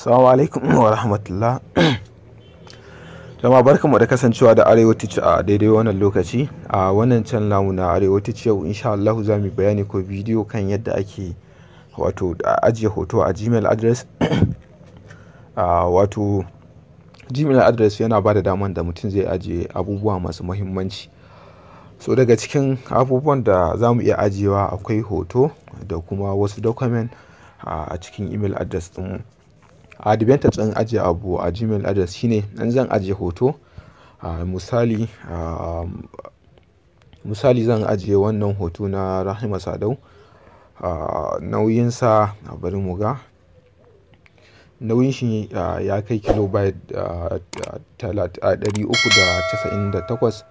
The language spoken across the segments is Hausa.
Assalamu alaikum wa rahmatullah. Jama barkanmu da kasancewa da Arewatici a daidai wannan lokaci a wannan can namu na Arewatici yau insha Allah za mu bayani ko bidiyo kan yadda ake wato ajiye hoto a Gmail address. wato Gmail address yana ba da daman da mutum zai ajiye abubuwa masu muhimmanci. So daga cikin abubuwan da za mu iya ajiyewa akwai hoto da kuma wasu document a cikin email address ɗinmu. advantage ɗin ajiye abu a gmail address shine an zan ajiye hoto misali misali zan ajiye wannan hoto na rahima sadau nauyinsa bari mu ga nauyin shi ya kai kilobyte 398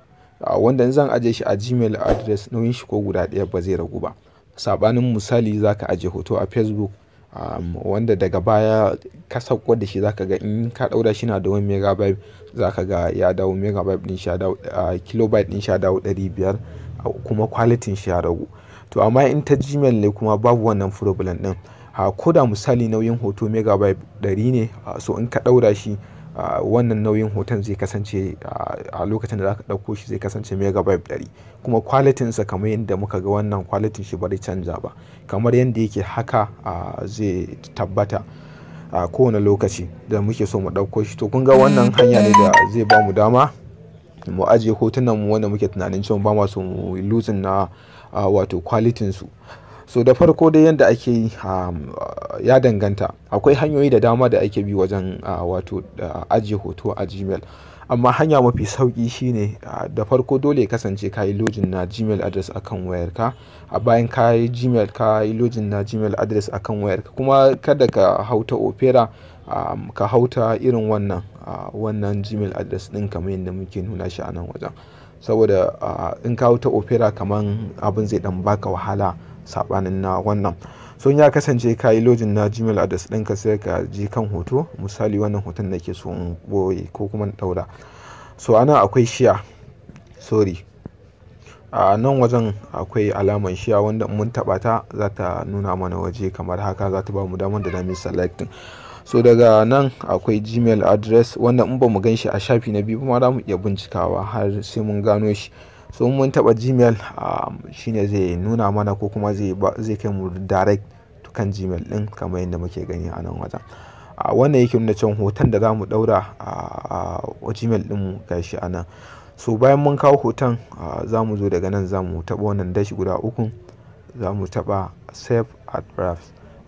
wanda zan ajiye shi a gmail adres nauyin shi ko guda ɗaya ba zai ragu ba sabanin misali za ka ajiye hoto a facebook Um, wanda daga baya ka sauko da shi zaka ga in ka daura shi na da 1 megabyte zaka ga ya dawo megabyte ɗin sha dawo uh, kilobyte din sha dawo 500 uh, kuma kwalitin shi ya ragu to amma in ta gmail ne kuma babu wannan problem din uh, ko da misali nauyin hoto megabyte ɗari ne so in ka daura shi wannan nauyin hoton zai kasance a lokacin da za ka ɗauko shi zai kasance megabyte ɗari kuma kwalitin sa kamar yadda muka ga wannan kwalitin shi bari canja ba kamar yadda yake haka zai tabbata a kowane lokaci da muke so mu ɗauko shi to kun ga wannan hanya ne da zai ba mu dama mu ajiye hotunan mu wanda muke tunanin cewa ba ma so mu na wato kwalitin su so da farko dai yadda ake um, ya danganta akwai hanyoyi da dama da ake bi wajen uh, wato uh, ajiye hoto a gmail amma hanya mafi sauki shine uh, da farko dole kasance ka yi login na gmail address akan wayarka a bayan ka yi gmail ka yi login na gmail address akan wayarka kuma kada ka hauta opera um, ka hauta irin wannan wannan gmail address din kamar yadda muke nuna shi a nan wajen saboda in ka hauta opera kamar abin zai dan baka wahala sabanin na wannan so ya kasance ka yi lojin na gmail din ka sai ka je kan hoto misali wannan hoton da ke so in boye ko kuma ɗaura so ana akwai shiya sorry a nan wajen akwai alaman shiya wanda mun taɓa ta za ta nuna mana waje kamar haka za ta ba mu damar da dami selectin so daga nan akwai gmail adres wanda in ba mu gan shi a shafi na biyu kuma za mu iya bincikawa har sai mun gano shi so mun taɓa gmail um, shine zai nuna mana ko kuma zai kai mu direct to kan gmail ɗin kamar yadda muke gani a nan wajen wannan yake nuna cewa hoton da za mu ɗaura a gmail ɗinmu gashi a nan so bayan mun kawo hoton za mu zo daga nan za mu taɓa wannan dashi guda uku za mu taɓa save at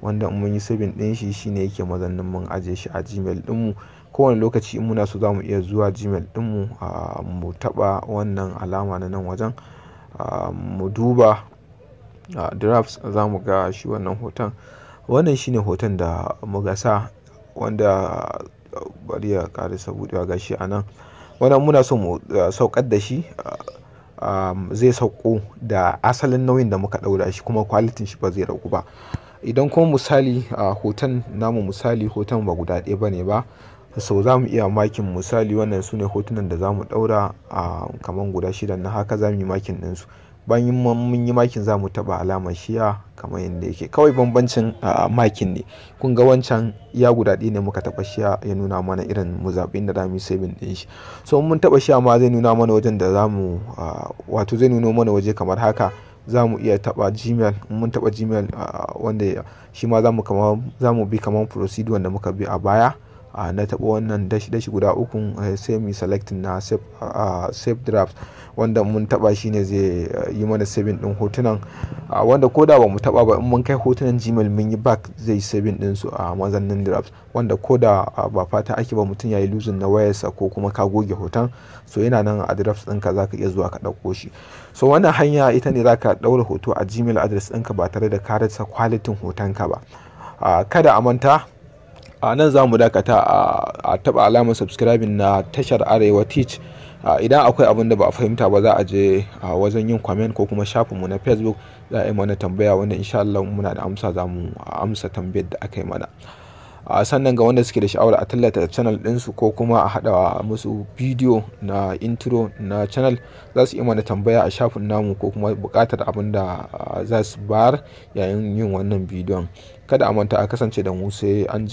wanda mun yi saving ɗin shi shine yake mazannin mun ajiye shi a gmail mu kowane lokaci in muna so za mu iya zuwa Gmail ɗin mu taɓa wannan alama na nan wajen mu duba drafts za mu ga shi wannan hoton. Wannan shine hoton da muka sa wanda bari ya kare buɗewa ga shi a nan. Wannan muna so mu saukar da shi zai sauko da asalin nauyin da muka ɗaura shi kuma kwalitin shi ba zai ragu ba. Idan kuma misali hoton namu misali hoton ba guda ɗaya ne ba. sau za mu iya makin misali wannan su ne hotunan da za mu ɗaura a kaman guda shida na haka za mu yi makin ɗinsu bayan mun yi makin za mu taɓa alamar shiya kamar yadda yake kawai bambancin makin ne kun ga wancan ya guda ɗaya ne muka taɓa shiya ya nuna mana irin mu zaɓi inda za mu yi saving ɗin shi so mun taɓa shiya ma zai nuna mana wajen da za mu wato zai nuna mana waje kamar haka za mu iya taɓa gmail mun taɓa gmail wanda shi ma za mu bi kamar procedure da muka bi a baya a ah, na taɓa wannan dashi guda uku eh, sai mu select na ah, save draft wanda mun taɓa shi ne zai eh, yi mana saving ɗin hotunan ah, wanda ko da ba mu taɓa ba in mun kai hotunan gmail mun yi back zai yi saving ɗin su a mazannin draft wanda ko da ba fata ake ba mutum ya yi losing na wayarsa ko kuma ka goge hoton so yana nan a draft ɗinka za ka iya zuwa ka ɗauko shi so wannan hanya ita ne za ka ɗaura hoto a gmail address ɗinka ba tare da ka rasa kwalitin hotonka ba kada a manta a nan za mu dakata a taba alamar subscribing na tashar arewa teach idan akwai abin da ba a fahimta ba za a je wajen yin comment ko kuma shafinmu na facebook za a yi mana tambaya wanda insha Allah muna da amsa za mu amsa tambayar da aka yi mana sannan ga wanda suke da sha'awar a tallata channel ɗinsu ko kuma a haɗa musu bidiyo na intro na channel za su yi mana tambaya a shafin namu ko kuma buƙatar abin da za su bayar yayin yin wannan bidiyon kada a manta a kasance da mu sai an